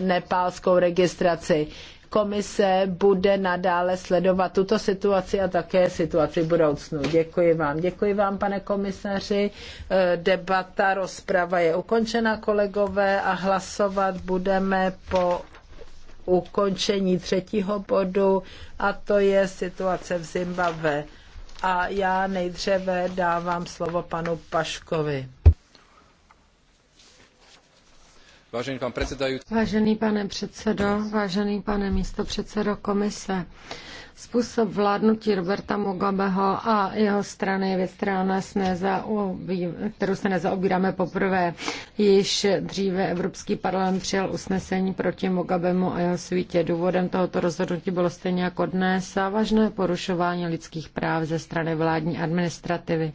nepálskou registraci. Komise bude nadále sledovat tuto situaci a také situaci v budoucnu. Děkuji vám. Děkuji vám, pane komisaři. Eh, debata, rozprava je ukončena, kolegové, a hlasovat budeme po ukončení třetího bodu, a to je situace v Zimbabwe. A já nejdříve dávám slovo panu Paškovi. Vážený pan předsedající. Vážený pane předsedo, vážený pane místopředsedo komise. Způsob vládnutí Roberta Mugabeho a jeho strany je věc, kterou se nezaobíráme poprvé. Již dříve Evropský parlament přijal usnesení proti Mugabemu a jeho svítě. Důvodem tohoto rozhodnutí bylo stejně jako dnes závažné porušování lidských práv ze strany vládní administrativy.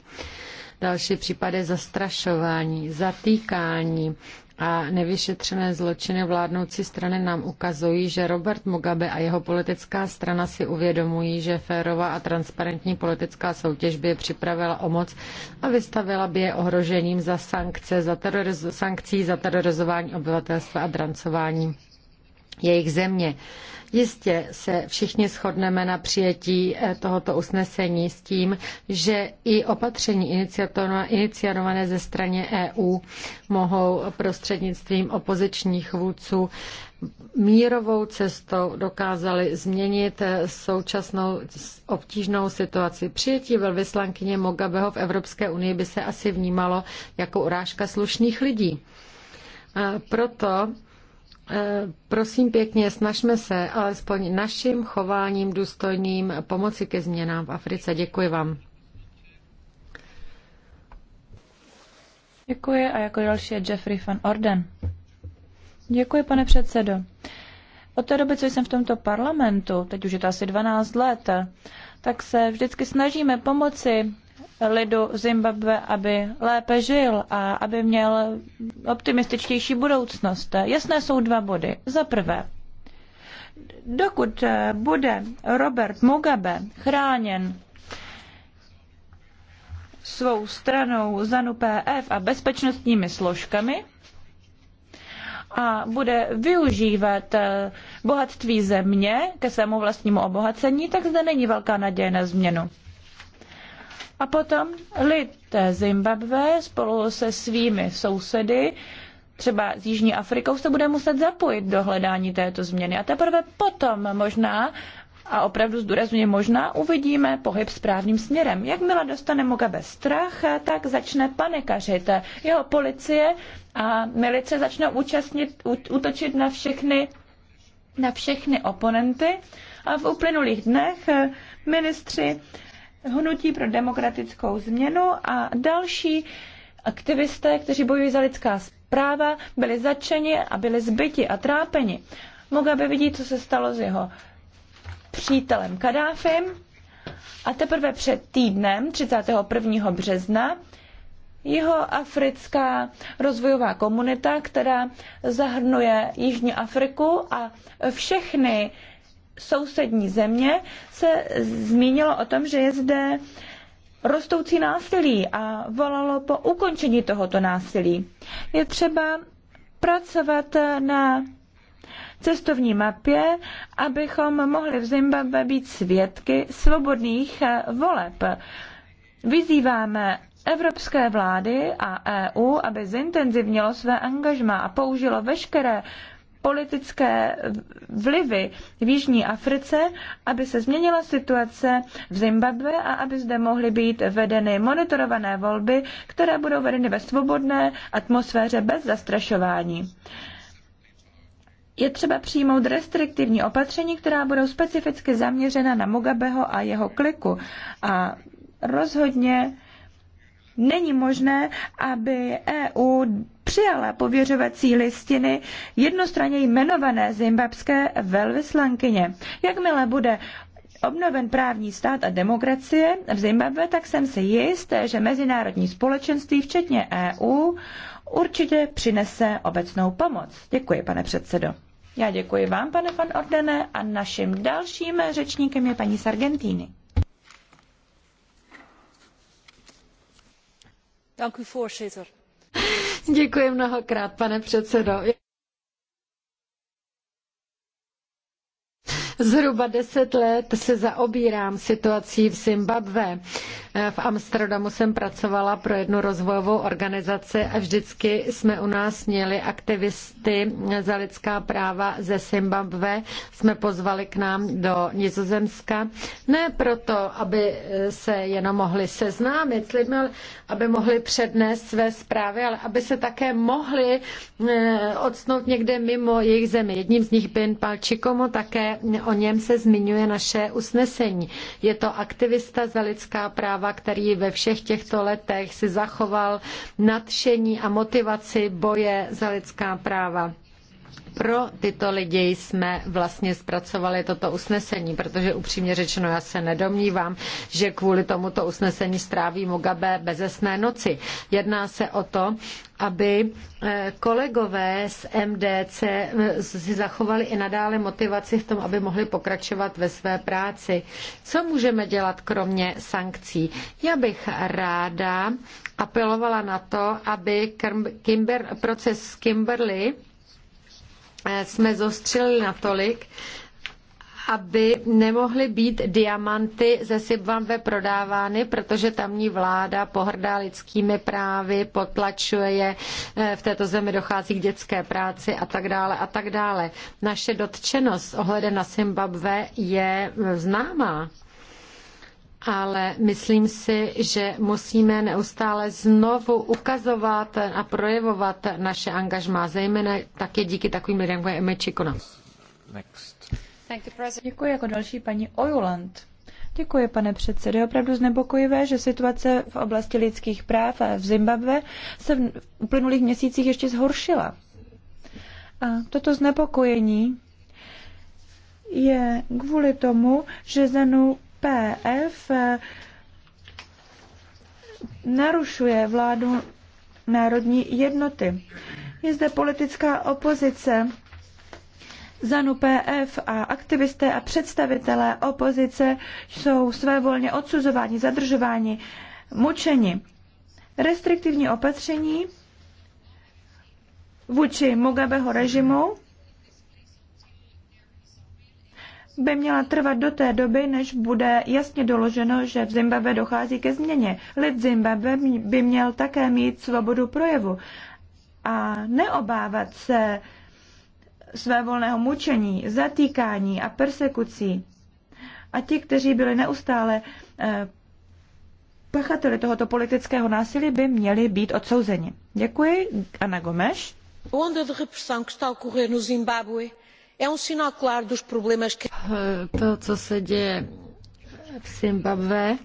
Další případy zastrašování, zatýkání a nevyšetřené zločiny vládnoucí strany nám ukazují, že Robert Mugabe a jeho politická strana si uvědomují, že férová a transparentní politická soutěž by je připravila o moc a vystavila by je ohrožením za sankce, za teroriz- sankcí za terorizování obyvatelstva a drancování jejich země. Jistě se všichni shodneme na přijetí eh, tohoto usnesení s tím, že i opatření iniciované ze strany EU mohou prostřednictvím opozičních vůdců mírovou cestou dokázali změnit eh, současnou obtížnou situaci. Přijetí velvyslankyně Mogabeho v Evropské unii by se asi vnímalo jako urážka slušných lidí. Eh, Proto Eh, prosím pěkně, snažme se alespoň naším chováním důstojným pomoci ke změnám v Africe. Děkuji vám. Děkuji a jako další je Jeffrey van Orden. Děkuji, pane předsedo. Od té doby, co jsem v tomto parlamentu, teď už je to asi 12 let, tak se vždycky snažíme pomoci lidu Zimbabwe, aby lépe žil a aby měl optimističtější budoucnost. Jasné jsou dva body. Za prvé, dokud bude Robert Mugabe chráněn svou stranou ZANU PF a bezpečnostními složkami a bude využívat eh, bohatství země ke svému vlastnímu obohacení, tak zde není velká naděje na změnu. A potom lid Zimbabwe spolu se svými sousedy, třeba s Jižní Afrikou, se bude muset zapojit do hledání této změny. A teprve potom možná, a opravdu zdůrazně možná, uvidíme pohyb správným směrem. Jakmile dostane Mugabe strach, tak začne panikařit. Jeho policie a milice začne účastnit, útočit na všechny na všechny oponenty a v uplynulých dnech ministři Hnutí pro demokratickou změnu a další aktivisté, kteří bojují za lidská práva, byli začeni a byli zbyti a trápeni. Mugabe vidí, co se stalo s jeho přítelem Kadáfim a teprve před týdnem, 31. března, jeho africká rozvojová komunita, která zahrnuje Jižní Afriku a všechny sousední země se zmínilo o tom, že je zde rostoucí násilí a volalo po ukončení tohoto násilí. Je třeba pracovat na cestovní mapě, abychom mohli v Zimbabwe být svědky svobodných voleb. Vyzýváme evropské vlády a EU, aby zintenzivnilo své angažma a použilo veškeré politické vlivy v Jižní Africe, aby se změnila situace v Zimbabwe a aby zde mohly být vedeny monitorované volby, které budou vedeny ve svobodné atmosféře bez zastrašování. Je třeba přijmout restriktivní opatření, která budou specificky zaměřena na Mugabeho a jeho kliku a rozhodně Není možné, aby EU přijala pověřovací listiny jednostranně jmenované zimbabské velvyslankyně. Jakmile bude obnoven právní stát a demokracie v Zimbabwe, tak jsem si jist, že mezinárodní společenství, včetně EU, určitě přinese obecnou pomoc. Děkuji, pane předsedo. Já děkuji vám, pane van Ordene, a naším dalším řečníkem je paní Sargentini. Děkuji mnohokrát, pane předsedající. Zhruba deset let se zaobírám situací v Zimbabwe. V Amsterdamu jsem pracovala pro jednu rozvojovou organizaci a vždycky jsme u nás měli aktivisty za lidská práva ze Zimbabwe. Jsme pozvali k nám do Nizozemska. Ne proto, aby se jenom mohli seznámit s lidmi, aby mohli přednést své zprávy, ale aby se také mohli eh, odsnout někde mimo jejich zemi. Jedním z nich Ben Palčikomo, také o něm se zmiňuje naše usnesení. Je to aktivista za lidská práva Václava, který ve všech těchto letech si zachoval nadšení a motivaci boje za lidská práva. Pro tyto lidi jsme vlastně zpracovali toto usnesení, protože upřímně řečeno já se nedomnívám, že kvůli tomuto usnesení stráví Mugabe bezesné noci. Jedná se o to, aby eh, kolegové z MDC eh, si zachovali i nadále motivaci v tom, aby mohli pokračovat ve své práci. Co můžeme dělat kromě sankcí? Já bych ráda apelovala na to, aby Kimber, proces Kimberley Eh, jsme zostřili natolik, aby nemohly být diamanty ze Zimbabwe prodávány, protože tamní vláda pohrdá lidskými právy, potlačuje je, eh, v této zemi dochází k dětské práci a tak dále a tak dále. Naše dotčenost ohledem na Zimbabwe je eh, známá ale myslím si, že musíme neustále znovu ukazovat a projevovat naše angažmá, zejména také díky takovým lidem, jako je Eme Čikona. Děkuji jako další paní Ojuland. Děkuji, pane předsedo. Je opravdu znepokojivé, že situace v oblasti lidských práv v Zimbabwe se v uplynulých měsících ještě zhoršila. A toto znepokojení je kvůli tomu, že ZANU PF eh, narušuje vládu národní jednoty. Je zde politická opozice ZANU PF a aktivisté a představitelé opozice jsou svévolně odsuzováni, zadržováni, mučeni. Restriktivní opatření vůči Mugabeho režimu by měla trvat do té doby, než bude jasně doloženo, že v Zimbabwe dochází ke změně. Lid Zimbabwe by měl také mít svobodu projevu a neobávat se svévolného mučení, zatýkání a persekucí. A ti, kteří byli neustále eh, pachateli tohoto politického násilí, by měli být odsouzeni. Děkuji, Ana Gomes. Onda de repressão que está a ocorrer no Zimbábue Um eh, to, co se děje v Zimbabwe,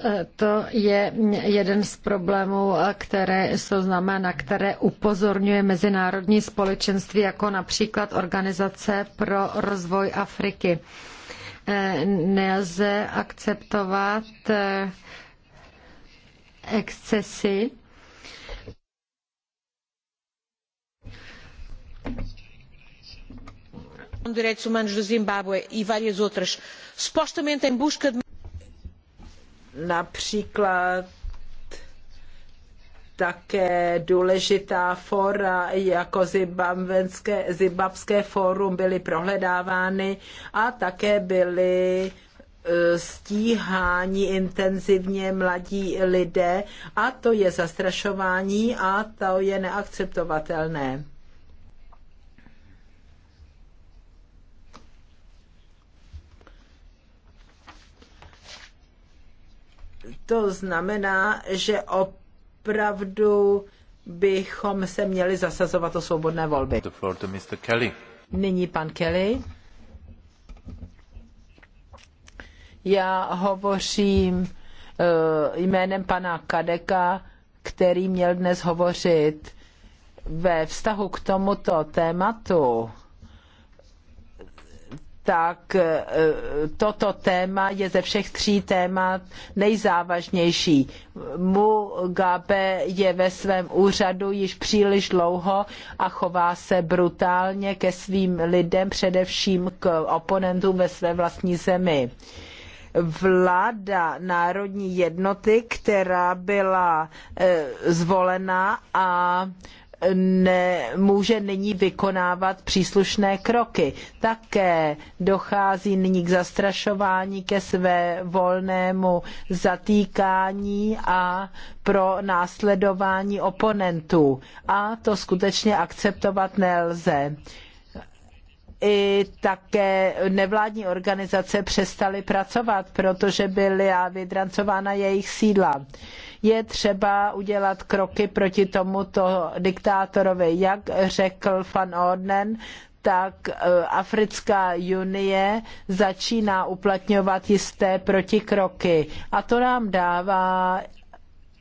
eh, to je jeden z problémů, eh, které jsou známé, na které upozorňuje mezinárodní společenství, jako například Organizace pro rozvoj Afriky. Nelze akceptovat excesy de direitos humanos do Zimbábue e várias outras, supostamente em busca de. Například také důležitá fora jako zimbabvenské, zimbabské fórum byly prohledávány a také byly e, stíhání intenzivně mladí lidé a to je zastrašování a to je neakceptovatelné. To znamená, že opravdu bychom se měli zasazovat o svobodné volby. The floor to Mr. Kelly. Nyní pan Kelly. Já hovořím eh, jménem pana Kadeka, který měl dnes hovořit ve vztahu k tomuto tématu tak eh, toto téma je ze všech tří témat nejzávažnější. Mugabe je ve svém úřadu již příliš dlouho a chová se brutálně ke svým lidem, především k oponentům ve své vlastní zemi vláda národní jednoty, která byla eh, zvolena a nemůže nyní vykonávat příslušné kroky. Také dochází nyní k zastrašování, ke své volnému zatýkání a pro následování oponentů. A to skutečně akceptovat nelze i také nevládní organizace přestaly pracovat, protože byla vydrancována jejich sídla je třeba udělat kroky proti tomuto diktátorovi. Jak řekl van Orden, tak e, Africká unie začíná uplatňovat jisté protikroky. A to nám dává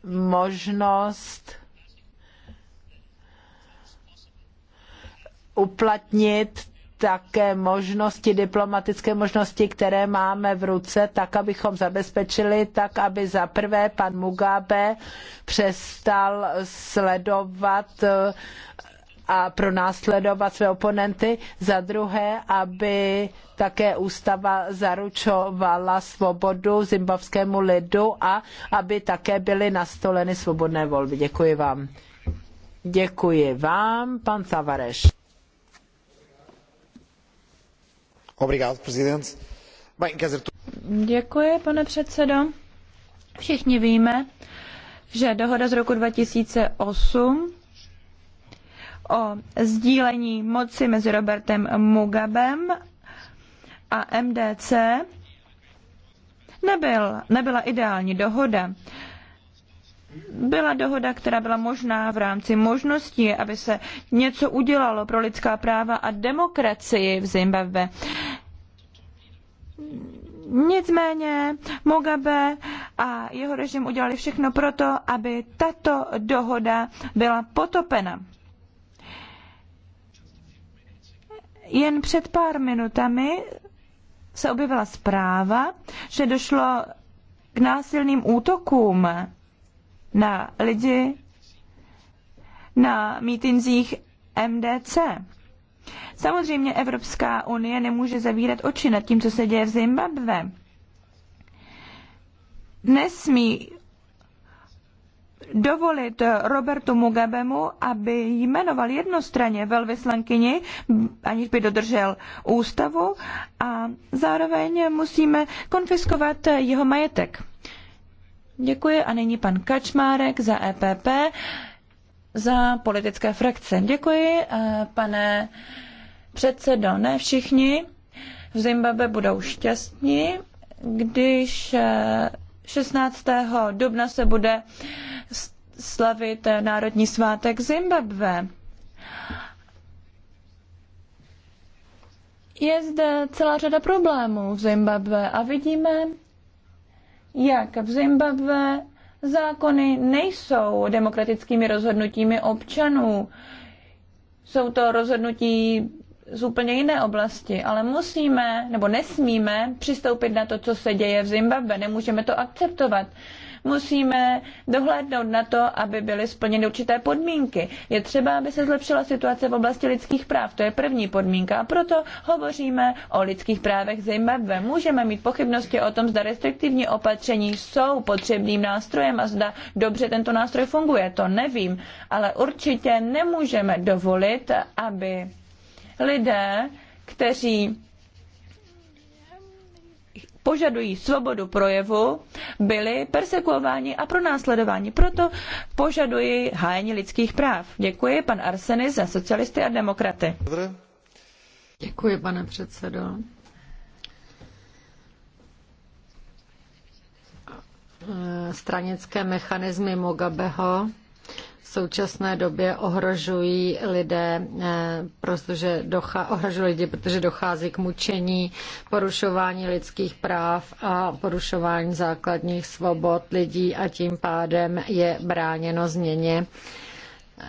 možnost uplatnit také možnosti, diplomatické možnosti, které máme v ruce, tak, abychom zabezpečili, tak, aby za prvé pan Mugabe přestal sledovat eh, a pronásledovat své oponenty, za druhé, aby také ústava zaručovala svobodu zimbabskému lidu a aby také byly nastoleny svobodné volby. Děkuji vám. Děkuji vám, pan Savareš. Děkuji, pane předsedo. Všichni víme, že dohoda z roku 2008 o sdílení moci mezi Robertem Mugabem a MDC nebyl, nebyla ideální dohoda byla dohoda, která byla možná v rámci možností, aby se něco udělalo pro lidská práva a demokracii v Zimbabwe. Nicméně Mugabe a jeho režim udělali všechno proto, aby tato dohoda byla potopena. Jen před pár minutami se objevila zpráva, že došlo k násilným útokům na lidi na mítinzích MDC. Samozřejmě Evropská unie nemůže zavírat oči nad tím, co se děje v Zimbabve. Nesmí dovolit Robertu Mugabemu, aby jmenoval jednostranně velvyslankyni, aniž by dodržel ústavu a zároveň musíme konfiskovat jeho majetek. Děkuji a nyní pan Kačmárek za EPP, za politické frakce. Děkuji, eh, pane předsedo. Ne všichni v Zimbabwe budou šťastní, když 16. Eh, dubna se bude slavit eh, Národní svátek Zimbabwe. Je zde celá řada problémů v Zimbabwe a vidíme, jak v Zimbabwe zákony nejsou demokratickými rozhodnutími občanů. Jsou to rozhodnutí z úplně jiné oblasti, ale musíme nebo nesmíme přistoupit na to, co se děje v Zimbabwe. Nemůžeme to akceptovat musíme dohlédnout na to, aby byly splněny určité podmínky. Je třeba, aby se zlepšila situace v oblasti lidských práv. To je první podmínka a proto hovoříme o lidských právech Zimbabwe. Můžeme mít pochybnosti o tom, zda restriktivní opatření jsou potřebným nástrojem a zda dobře tento nástroj funguje. To nevím, ale určitě nemůžeme dovolit, aby lidé, kteří požadují svobodu projevu, byli persekuováni a pronásledováni. Proto požadují hájení lidských práv. Děkuji, pan Arsenis za socialisty a demokraty. Děkuji, pane předsedo. Stranické mechanismy Mugabeho současné době ohrožují lidé, eh, protože docha, ohrožují lidi, protože dochází k mučení, porušování lidských práv a porušování základních svobod lidí a tím pádem je bráněno změně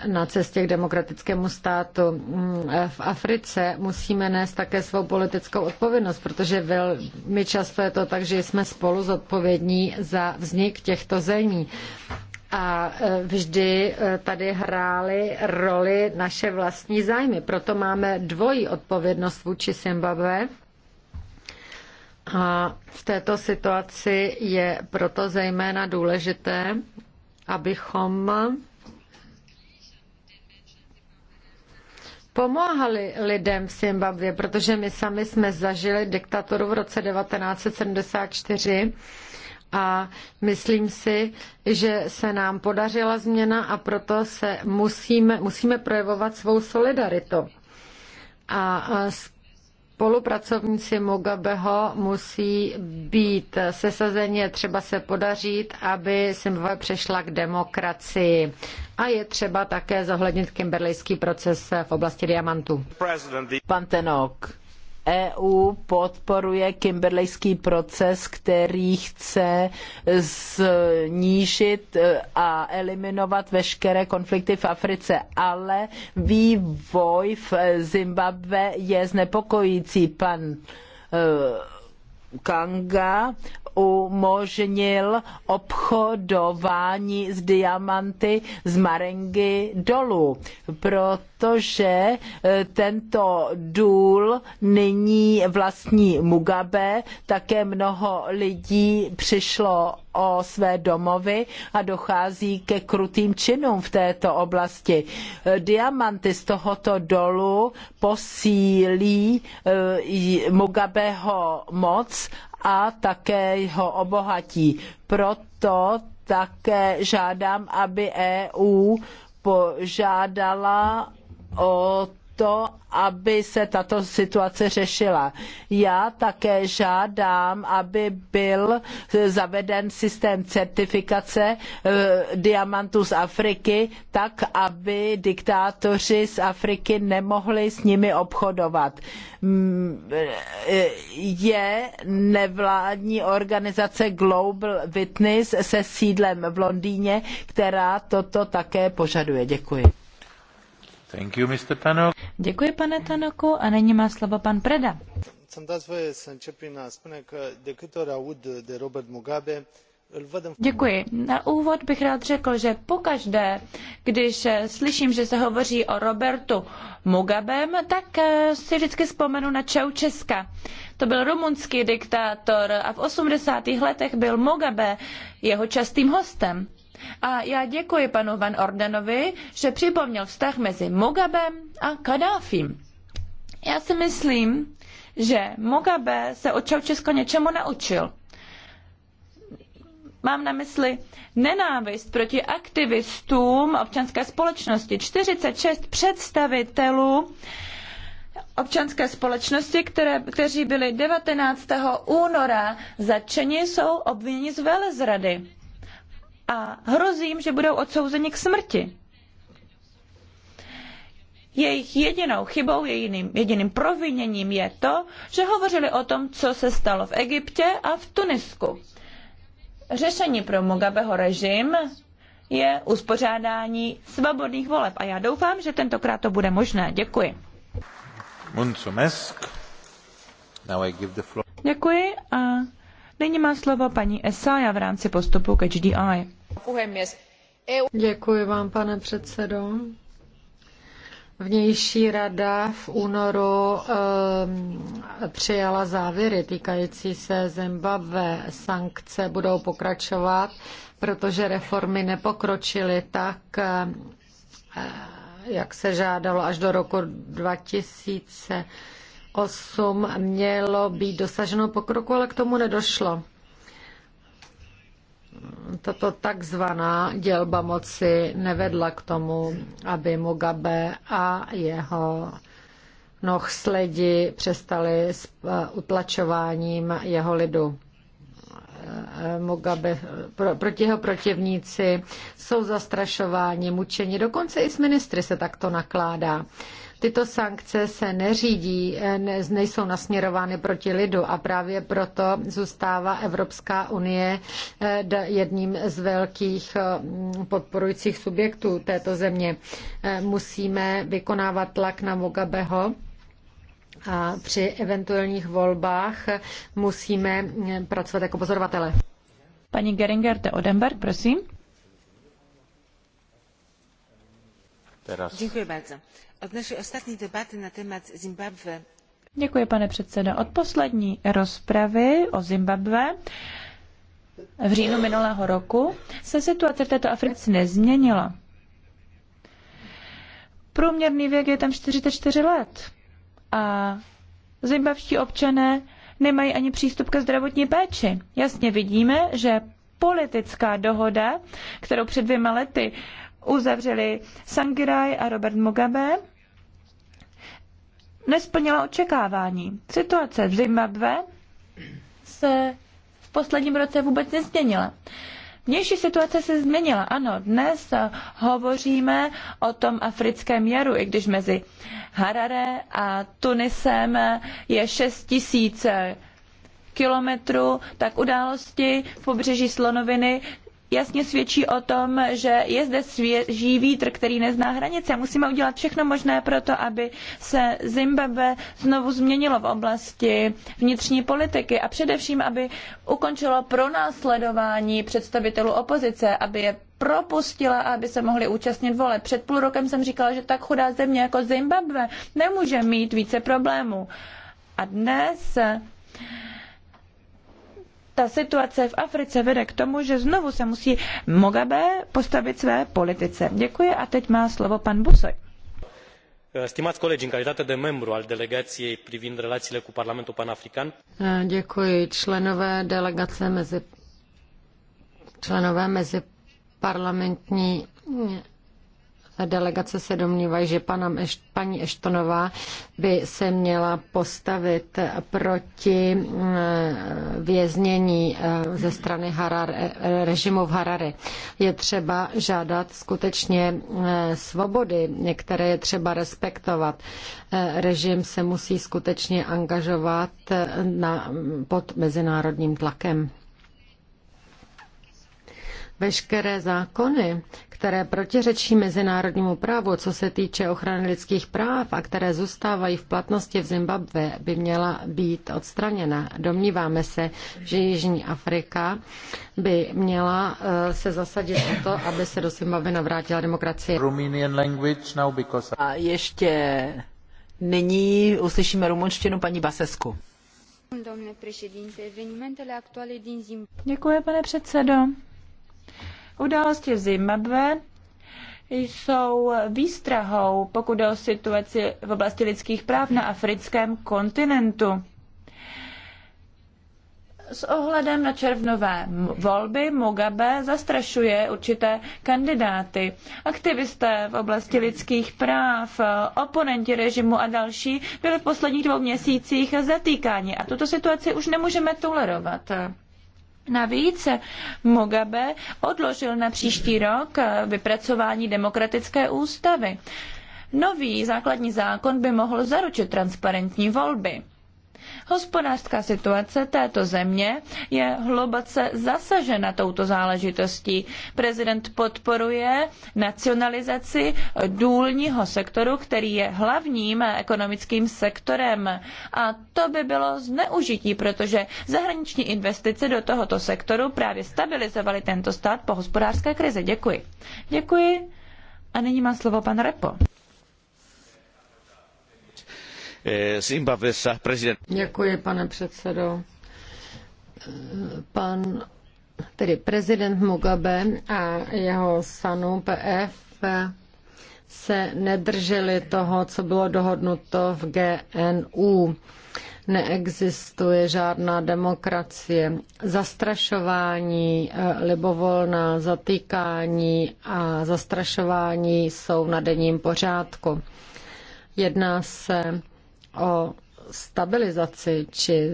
na cestě k demokratickému státu mm, v Africe musíme nést také svou politickou odpovědnost, protože velmi často je to tak, že jsme spolu zodpovědní za vznik těchto zemí a e, vždy e, tady hrály roli naše vlastní zájmy. Proto máme dvojí odpovědnost vůči Zimbabwe. A v této situaci je proto zejména důležité, abychom pomáhali lidem v Zimbabwe, protože my sami jsme zažili diktaturu v roce 1974 a myslím si, že se nám podařila změna a proto se musíme, musíme projevovat svou solidaritu. A spolupracovníci Mugabeho musí být sesazeně, třeba se podařit, aby Simbabwe přešla k demokracii. A je třeba také zohlednit kimberlejský proces v oblasti diamantů. Pan Tenok. EU podporuje kimberlejský proces, který chce snížit e, a eliminovat veškeré konflikty v Africe, ale vývoj v Zimbabwe je znepokojící. Pan e, Kanga umožnil obchodování s diamanty z Marengy dolů, protože e, tento důl nyní vlastní Mugabe, také mnoho lidí přišlo o své domovy a dochází ke krutým činům v této oblasti. E, diamanty z tohoto dolu posílí e, Mugabeho moc a také ho obohatí. Proto také žádám, aby EU požádala o to, aby se tato situace řešila. Já také žádám, aby byl zaveden systém certifikace eh, diamantů z Afriky, tak aby diktátoři z Afriky nemohli s nimi obchodovat. Mm, eh, je nevládní organizace Global Witness se sídlem v Londýně, která toto také požaduje. Děkuji. Thank you, Mr. Tanok. Děkuji, pane Tanoku, a nyní má slovo pan Preda. Děkuji. Na úvod bych rád řekl, že pokaždé, když slyším, že se hovoří o Robertu Mugabem, tak eh, si vždycky vzpomenu na Čaučeska. To byl rumunský diktátor a v 80. letech byl Mugabe jeho častým hostem. A já děkuji panu Van Ordenovi, že připomněl vztah mezi Mugabem a Kadáfím. Já si myslím, že Mugabe se od Čaučesko něčemu naučil. Mám na mysli nenávist proti aktivistům občanské společnosti. 46 představitelů občanské společnosti, které, kteří byli 19. února zatčeni, jsou obviněni z velezrady a hrozí jim, že budou odsouzeni k smrti. Jejich jedinou chybou, jediným, jediným proviněním je to, že hovořili o tom, co se stalo v Egyptě a v Tunisku. Řešení pro Mugabeho režim je uspořádání svobodných voleb a já doufám, že tentokrát to bude možné. Děkuji. Děkuji a Nyní má slovo paní Esaja v rámci postupu k HDI. E Děkuji vám, pane předsedo. Vnější rada v únoru ehm, přijala závěry týkající se Zimbabwe. Sankce budou pokračovat, protože reformy nepokročily tak, ehm, eh, jak se žádalo až do roku 2000. 8 mělo být dosaženo pokroku, ale k tomu nedošlo. Tato takzvaná dělba moci nevedla k tomu, aby Mugabe a jeho noh sledi přestali s eh, utlačováním jeho lidu. Mugabe, pro, proti jeho protivníci, jsou zastrašováni, mučeni, dokonce i s ministry se takto nakládá. Tyto sankce se neřídí, ne, nejsou nasměrovány proti lidu a právě proto zůstává Evropská unie eh, jedním z velkých mm, podporujících subjektů této země. Eh, musíme vykonávat tlak na Mugabeho, a při eventuálních volbách musíme eh, pracovat jako pozorovatele. Paní Geringer de Odenberg, prosím. Teraz. Děkuji bardzo. Od naší ostatní debaty na témat Zimbabwe. Děkuji, pane předsedo. Od poslední rozpravy o Zimbabwe v říjnu minulého roku se situace v této Africe nezměnila. Průměrný věk je tam 44 let a zimbabští občané nemají ani přístup ke zdravotní péči. Jasně vidíme, že politická dohoda, kterou před dvěma lety uzavřeli Sangirai a Robert Mugabe, nesplnila očekávání. Situace v Zimbabwe se v posledním roce vůbec nezměnila. Vnější situace se změnila. Ano, dnes eh, hovoříme o tom africkém jaru, i když mezi Harare a Tunisem eh, je 6 tisíc eh, kilometrů, tak události v pobřeží Slonoviny jasně svědčí o tom, že je zde svěží vítr, který nezná hranice. Musíme udělat všechno možné pro to, aby se Zimbabwe znovu změnilo v oblasti vnitřní politiky a především, aby ukončilo pronásledování představitelů opozice, aby je propustila, aby se mohli účastnit vole. Před půl rokem jsem říkala, že tak chudá země jako Zimbabwe nemůže mít více problémů. A dnes ta situace v Africe vede k tomu, že znovu se musí Mugabe postavit své politice. Děkuji a teď má slovo pan Busoj. Stimați colegi, în calitate de membru al delegației privind relațiile cu Parlamentul Panafrican. Děkuji členové delegace mezi členové mezi parlamentní delegace se domnívají, že pana, paní Eštonová by se měla postavit proti eh, věznění eh, ze strany Harar, eh, režimu v Harare. Je třeba žádat skutečně svobody, některé je třeba respektovat. Režim se musí skutečně angažovat na, pod mezinárodním tlakem. Veškeré zákony, které protiřečí mezinárodnímu právu, co se týče ochrany lidských práv a které zůstávají v platnosti v Zimbabwe, by měla být odstraněna. Domníváme se, že Jižní Afrika by měla eh, se zasadit o to, aby se do Zimbabwe navrátila demokracie. A ještě nyní uslyšíme rumunštinu paní Basesku. Děkuji, pane předsedo. Události v Zimbabwe jsou výstrahou, pokud jde o situaci v oblasti lidských práv na africkém kontinentu. S ohledem na červnové volby Mugabe zastrašuje určité kandidáty. Aktivisté v oblasti lidských práv, oponenti režimu a další byli v posledních dvou měsících zatýkáni a tuto situaci už nemůžeme tolerovat. Navíc Mugabe odložil na příští rok vypracování demokratické ústavy. Nový základní zákon by mohl zaručit transparentní volby. Hospodářská situace této země je hluboce zasažena touto záležitostí. Prezident podporuje nacionalizaci důlního sektoru, který je hlavním ekonomickým sektorem. A to by bylo zneužití, protože zahraniční investice do tohoto sektoru právě stabilizovaly tento stát po hospodářské krizi. Děkuji. Děkuji. A nyní má slovo pan Repo. Eh, Zimbabwessa prezident. Děkuji, pane předsedo. Pan, tedy prezident Mugabe a jeho sanu PF se nedrželi toho, co bylo dohodnuto v GNU. Neexistuje žádná demokracie. Zastrašování, eh, libovolná zatýkání a zastrašování jsou na denním pořádku. Jedná se o stabilizaci či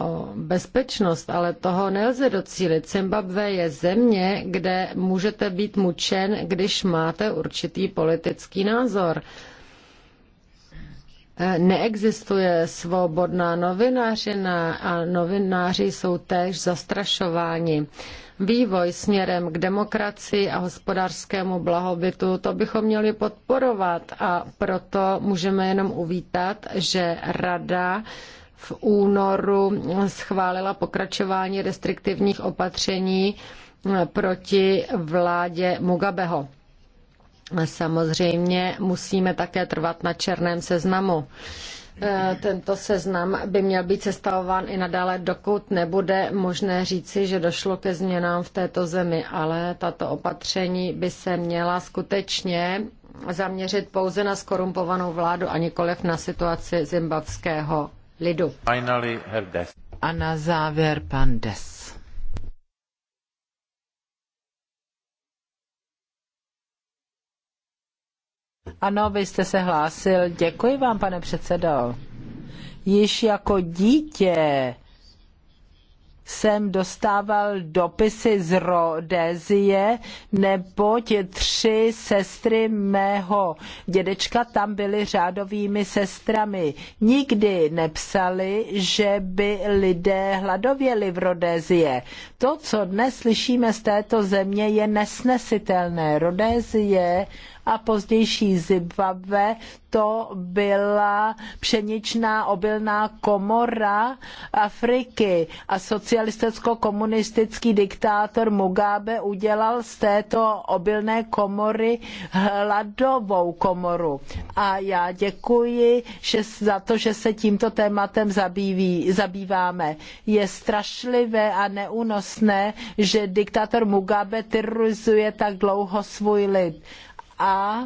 o bezpečnost, ale toho nelze docílit. Zimbabwe je země, kde můžete být mučen, když máte určitý politický názor. Neexistuje svobodná novinářina a novináři jsou též zastrašováni vývoj směrem k demokracii a hospodářskému blahobytu, to bychom měli podporovat a proto můžeme jenom uvítat, že Rada v únoru schválila pokračování restriktivních opatření proti vládě Mugabeho. Samozřejmě musíme také trvat na černém seznamu Eh, tento seznam by měl být sestavován i nadále, dokud nebude možné říci, že došlo ke změnám v této zemi, ale tato opatření by se měla skutečně zaměřit pouze na skorumpovanou vládu a nikoliv na situaci zimbabského lidu. A na závěr pan Des. Ano, vy jste se hlásil. Děkuji vám, pane předsedo. Již jako dítě jsem dostával dopisy z Rodézie, neboť tři sestry mého dědečka tam byly řádovými sestrami. Nikdy nepsali, že by lidé hladověli v Rodézie. To, co dnes slyšíme z této země, je nesnesitelné. Rodézie a pozdější Zimbabwe, to byla pšeničná obilná komora Afriky a socialisticko-komunistický diktátor Mugabe udělal z této obilné komory hladovou komoru. A já děkuji že za to, že se tímto tématem zabýví, zabýváme. Je strašlivé a neúnosné, že diktátor Mugabe terorizuje tak dlouho svůj lid a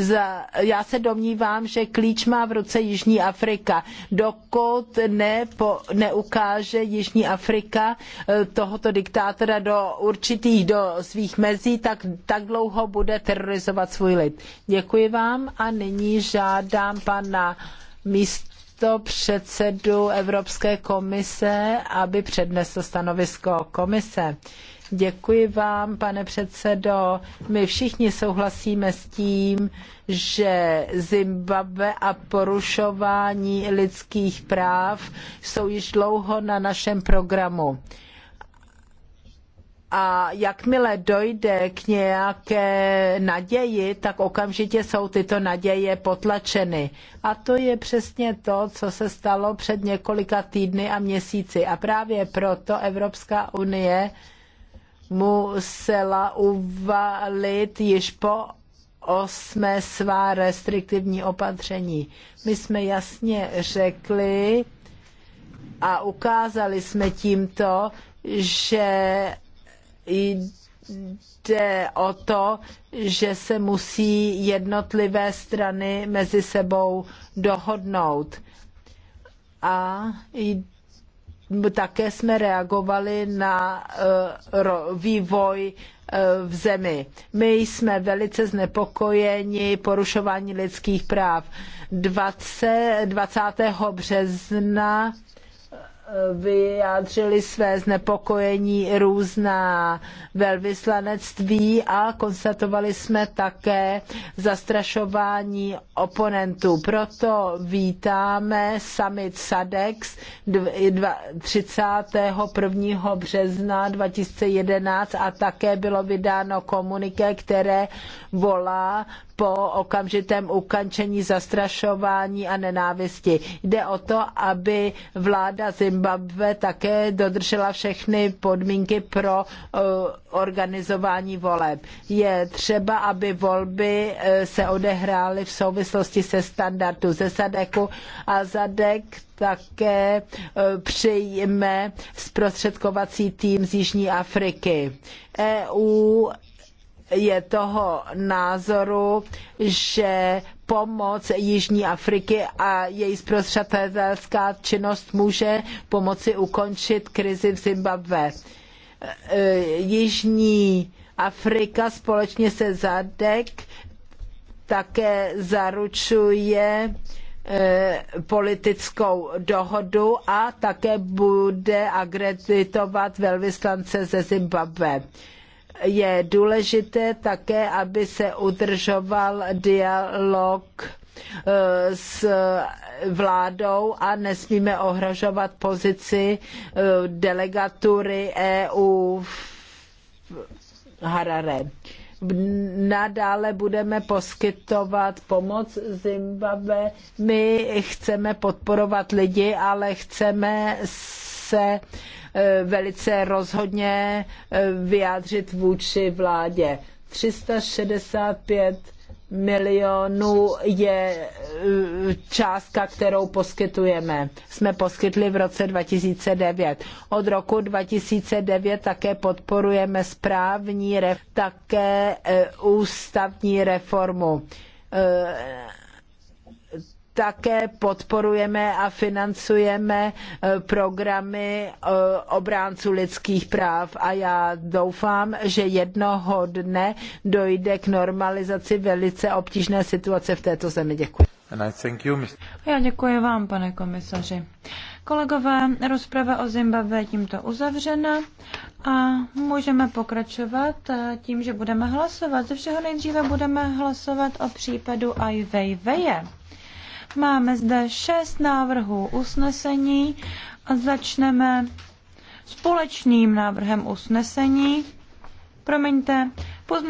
za, já se domnívám, že klíč má v ruce Jižní Afrika. Dokud po, neukáže Jižní Afrika eh, tohoto diktátora do určitých, do svých mezí, tak tak dlouho bude terorizovat svůj lid. Děkuji vám a nyní žádám pana místo předsedu Evropské komise, aby přednesl stanovisko komise. Děkuji vám, pane předsedo. My všichni souhlasíme s tím, že Zimbabwe a porušování lidských práv jsou již dlouho na našem programu. A jakmile dojde k nějaké naději, tak okamžitě jsou tyto naděje potlačeny. A to je přesně to, co se stalo před několika týdny a měsíci. A právě proto Evropská unie musela uvalit již po osmé svá restriktivní opatření. My jsme jasně řekli a ukázali jsme tímto, že jde o to, že se musí jednotlivé strany mezi sebou dohodnout. A jde také jsme reagovali na eh, vývoj eh, v zemi. My jsme velice znepokojeni porušování lidských práv. 20, 20. března vyjádřili své znepokojení různá velvyslanectví a konstatovali jsme také zastrašování oponentů. Proto vítáme summit SADEX 31. března 2011 a také bylo vydáno komuniké, které volá po okamžitém ukončení zastrašování a nenávisti. Jde o to, aby vláda Zimbabwe také dodržela všechny podmínky pro eh, organizování voleb. Je třeba, aby volby eh, se odehrály v souvislosti se standardu ze Sadeku a Zadek také eh, přijme zprostředkovací tým z Jižní Afriky. EU je toho názoru, že pomoc Jižní Afriky a její zprostřadatelská činnost může pomoci ukončit krizi v Zimbabwe. Eh, Jižní Afrika společně se Zadek také zaručuje eh, politickou dohodu a také bude akreditovat velvyslance ze Zimbabwe je důležité také, aby se udržoval dialog eh, s vládou a nesmíme ohrožovat pozici eh, delegatury EU v Harare. Nadále budeme poskytovat pomoc Zimbabwe. My chceme podporovat lidi, ale chceme se uh, Eh, velice rozhodně eh, vyjádřit vůči vládě. 365 milionů je eh, částka, kterou poskytujeme. Jsme poskytli v roce 2009. Od roku 2009 také podporujeme správní, také ústavní reformu také podporujeme a financujeme eh, programy eh, obránců lidských práv a já doufám, že jednoho dne dojde k normalizaci velice obtížné situace v této zemi. Děkuji. You, já děkuji vám, pane komisaři. Kolegové, rozprava o Zimbabwe je tímto uzavřena a můžeme pokračovat eh, tím, že budeme hlasovat. Ze všeho nejdříve budeme hlasovat o případu Ai Weiwei. Máme zde šest návrhů usnesení a začneme společným návrhem usnesení. Promiňte, pozměňujeme.